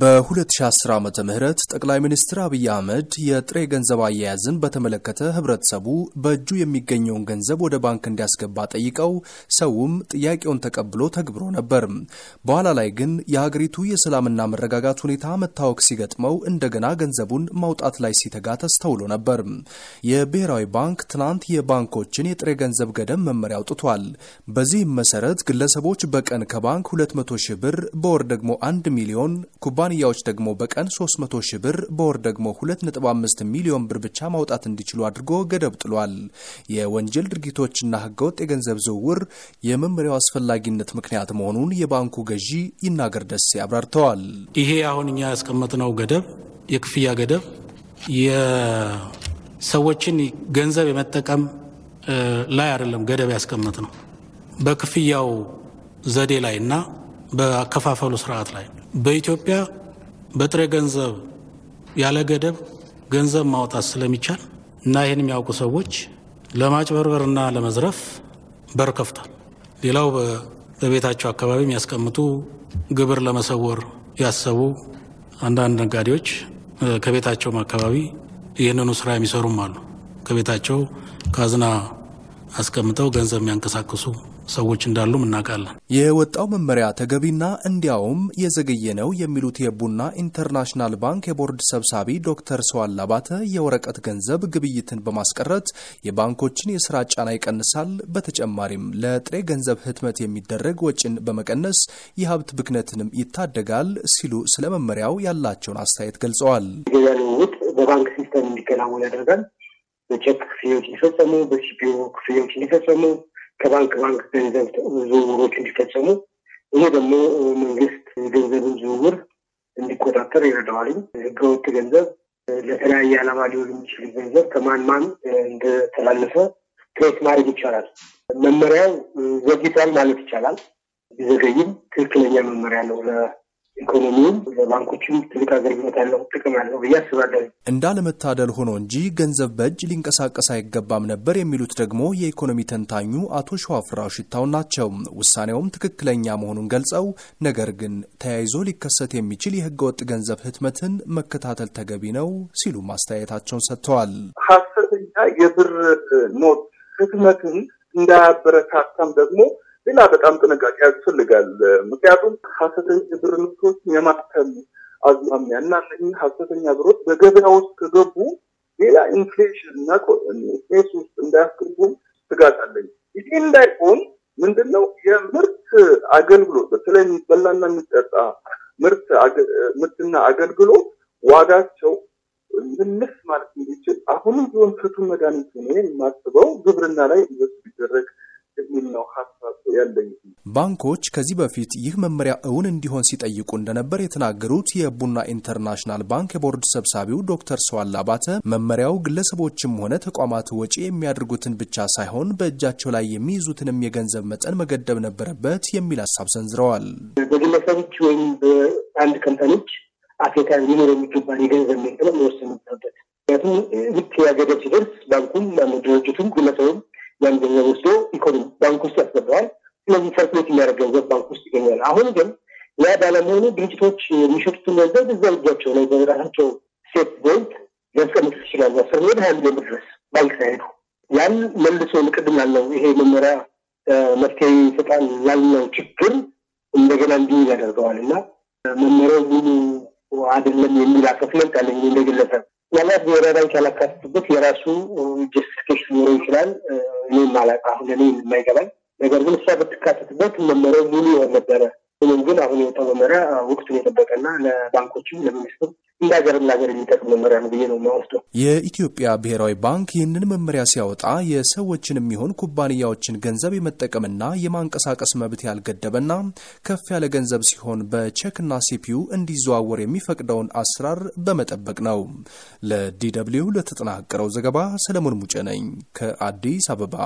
በ2010 ዓ ም ጠቅላይ ሚኒስትር አብይ አህመድ የጥሬ ገንዘብ አያያዝን በተመለከተ ህብረተሰቡ በእጁ የሚገኘውን ገንዘብ ወደ ባንክ እንዲያስገባ ጠይቀው ሰውም ጥያቄውን ተቀብሎ ተግብሮ ነበር። በኋላ ላይ ግን የሀገሪቱ የሰላምና መረጋጋት ሁኔታ መታወክ ሲገጥመው እንደገና ገንዘቡን ማውጣት ላይ ሲተጋ ተስተውሎ ነበር። የብሔራዊ ባንክ ትናንት የባንኮችን የጥሬ ገንዘብ ገደብ መመሪያ አውጥቷል። በዚህም መሰረት ግለሰቦች በቀን ከባንክ 200 ሺህ ብር፣ በወር ደግሞ 1 ሚሊዮን ኩባ ኩባንያዎች ደግሞ በቀን 300 ሺህ ብር በወር ደግሞ 2.5 ሚሊዮን ብር ብቻ ማውጣት እንዲችሉ አድርጎ ገደብ ጥሏል። የወንጀል ድርጊቶችና ህገወጥ የገንዘብ ዝውውር የመመሪያው አስፈላጊነት ምክንያት መሆኑን የባንኩ ገዢ ይናገር ደሴ አብራርተዋል። ይሄ አሁን እኛ ያስቀመጥነው ገደብ የክፍያ ገደብ የሰዎችን ገንዘብ የመጠቀም ላይ አይደለም ገደብ ያስቀመጥ ነው በክፍያው ዘዴ ላይ እና በአከፋፈሉ ስርዓት ላይ በኢትዮጵያ በጥሬ ገንዘብ ያለ ገደብ ገንዘብ ማውጣት ስለሚቻል እና ይህን የሚያውቁ ሰዎች ለማጭበርበርና ለመዝረፍ በር ከፍቷል። ሌላው በቤታቸው አካባቢ የሚያስቀምጡ ግብር ለመሰወር ያሰቡ አንዳንድ ነጋዴዎች ከቤታቸውም አካባቢ ይህንኑ ስራ የሚሰሩም አሉ። ከቤታቸው ካዝና አስቀምጠው ገንዘብ የሚያንቀሳቅሱ ሰዎች እንዳሉም እናውቃለን። የወጣው መመሪያ ተገቢና እንዲያውም የዘገየ ነው የሚሉት የቡና ኢንተርናሽናል ባንክ የቦርድ ሰብሳቢ ዶክተር ሰዋል አባተ የወረቀት ገንዘብ ግብይትን በማስቀረት የባንኮችን የስራ ጫና ይቀንሳል፣ በተጨማሪም ለጥሬ ገንዘብ ህትመት የሚደረግ ወጪን በመቀነስ የሀብት ብክነትንም ይታደጋል ሲሉ ስለ መመሪያው ያላቸውን አስተያየት ገልጸዋል። በባንክ ሲስተም እንዲከናወን ያደርጋል። በቼክ ክፍያዎች እንዲፈጸሙ፣ በሲፒዮ ክፍያዎች እንዲፈጸሙ ከባንክ ባንክ ገንዘብ ዝውውሮች እንዲፈጸሙ፣ ይሄ ደግሞ መንግስት የገንዘብን ዝውውር እንዲቆጣጠር ይረዳዋል። ህገወጥ ገንዘብ ለተለያየ አላማ ሊሆን የሚችል ገንዘብ ከማን ማን እንደተላለፈ ትሬት ማድረግ ይቻላል። መመሪያው ዘግይቷል ማለት ይቻላል። ቢዘገይም ትክክለኛ መመሪያ ነው። ኢኮኖሚውም ለባንኮችም ትልቅ አገልግሎት አለው፣ ጥቅም አለው ብዬ አስባለሁ። እንዳለመታደል ሆኖ እንጂ ገንዘብ በእጅ ሊንቀሳቀስ አይገባም ነበር የሚሉት ደግሞ የኢኮኖሚ ተንታኙ አቶ ሸዋፍራው ሽታው ናቸው። ውሳኔውም ትክክለኛ መሆኑን ገልጸው ነገር ግን ተያይዞ ሊከሰት የሚችል የህገወጥ ገንዘብ ህትመትን መከታተል ተገቢ ነው ሲሉ ማስተያየታቸውን ሰጥተዋል። ሀሰተኛ የብር ኖት ህትመትን እንዳያበረታታም ደግሞ ሌላ በጣም ጥንቃቄ ያስፈልጋል። ምክንያቱም ሀሰተኛ ብር ኖቶች የማተም አዝማሚያ እና እነዚህ ሀሰተኛ ብሮች በገበያ ውስጥ ከገቡ ሌላ ኢንፍሌሽን እና ኬስ ውስጥ እንዳያስገቡም ስጋት አለኝ። ይሄ እንዳይሆን ምንድነው የምርት አገልግሎት በተለይ የሚበላና የሚጠጣ ምርት ምርትና አገልግሎት ዋጋቸው ምንስ ማለት እንዲችል አሁንም ቢሆን ፍቱን መድኃኒት ሆነ የማስበው ግብርና ላይ ኢንቨስት ቢደረግ የሚል ነው ሀሳብ ያለኝ። ባንኮች ከዚህ በፊት ይህ መመሪያ እውን እንዲሆን ሲጠይቁ እንደነበር የተናገሩት የቡና ኢንተርናሽናል ባንክ የቦርድ ሰብሳቢው ዶክተር ሰዋል አባተ መመሪያው ግለሰቦችም ሆነ ተቋማት ወጪ የሚያደርጉትን ብቻ ሳይሆን በእጃቸው ላይ የሚይዙትንም የገንዘብ መጠን መገደብ ነበረበት የሚል ሀሳብ ሰንዝረዋል። በግለሰቦች ወይም በአንድ ከምፐኒዎች አፍሪካ ሊኖር የሚገባን የገንዘብ መጠን መወሰን ነበረበት። ምክንያቱም ልክ ያ ሲደርስ ባንኩም ድርጅቱም ግለሰቡም ያን ገንዘብ ወስዶ ኢኮኖሚ ባንክ ውስጥ ያስገባዋል። ስለዚህ ሰርኩሌት የሚያደርግ ገንዘብ ባንክ ውስጥ ይገኛል። አሁን ግን ያ ባለመሆኑ ድርጅቶች የሚሸጡትን ገንዘብ እዛ ልጃቸው ላይ በራሳቸው ሴፍ ቦልት ሊያስቀምጡ ይችላሉ። አስር ሚሊዮን ሀያ ሚሊዮን ድረስ ባንክ ሳይሄዱ ያን መልሶ ቅድም ያለው ይሄ መመሪያ መፍትሄ ይሰጣል ያልነው ችግር እንደገና እንዲሁ ያደርገዋል እና መመሪያው ሙሉ አይደለም የሚል አሰስመንት አለኝ እንደግለሰብ ምናልባት ብሔራዊ ባንክ ያላካተተበት የራሱ ጀስቲፊኬሽን ሊኖረው ይችላል። እኔ ማላቅ አሁን እኔ የማይገባኝ ነገር ግን እሷ ብትካተትበት መመሪያው ሙሉ ይሆን ነበረ። ምንም ግን አሁን የወጣው መመሪያ ወቅቱን የጠበቀና ለባንኮችም ለመንግስትም እንደ ሀገር ለሀገር የሚጠቅም መመሪያ ነው ብዬ ነው የማወስደው። የኢትዮጵያ ብሔራዊ ባንክ ይህንን መመሪያ ሲያወጣ የሰዎችን የሚሆን ኩባንያዎችን ገንዘብ የመጠቀምና የማንቀሳቀስ መብት ያልገደበና ከፍ ያለ ገንዘብ ሲሆን በቼክና ሲፒዩ እንዲዘዋወር የሚፈቅደውን አሰራር በመጠበቅ ነው። ለዲ ደብልዩ ለተጠናቀረው ዘገባ ሰለሞን ሙጬ ነኝ ከአዲስ አበባ።